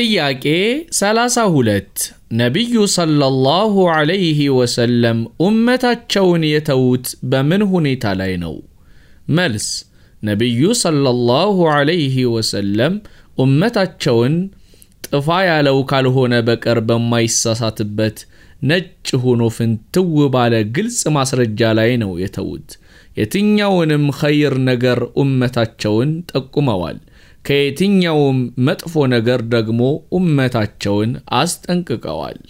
ጥያቄ 32 ነቢዩ ሰለላሁ ዐለይሂ ወሰለም ኡመታቸውን የተዉት በምን ሁኔታ ላይ ነው? መልስ ነቢዩ ሰለላሁ ዐለይሂ ወሰለም ኡመታቸውን ጥፋ ያለው ካልሆነ በቀር በማይሳሳትበት ነጭ ሆኖ ፍንትው ባለ ግልጽ ማስረጃ ላይ ነው የተዉት። የትኛውንም ኸይር ነገር ኡመታቸውን ጠቁመዋል። ከየትኛውም መጥፎ ነገር ደግሞ ኡመታቸውን አስጠንቅቀዋል።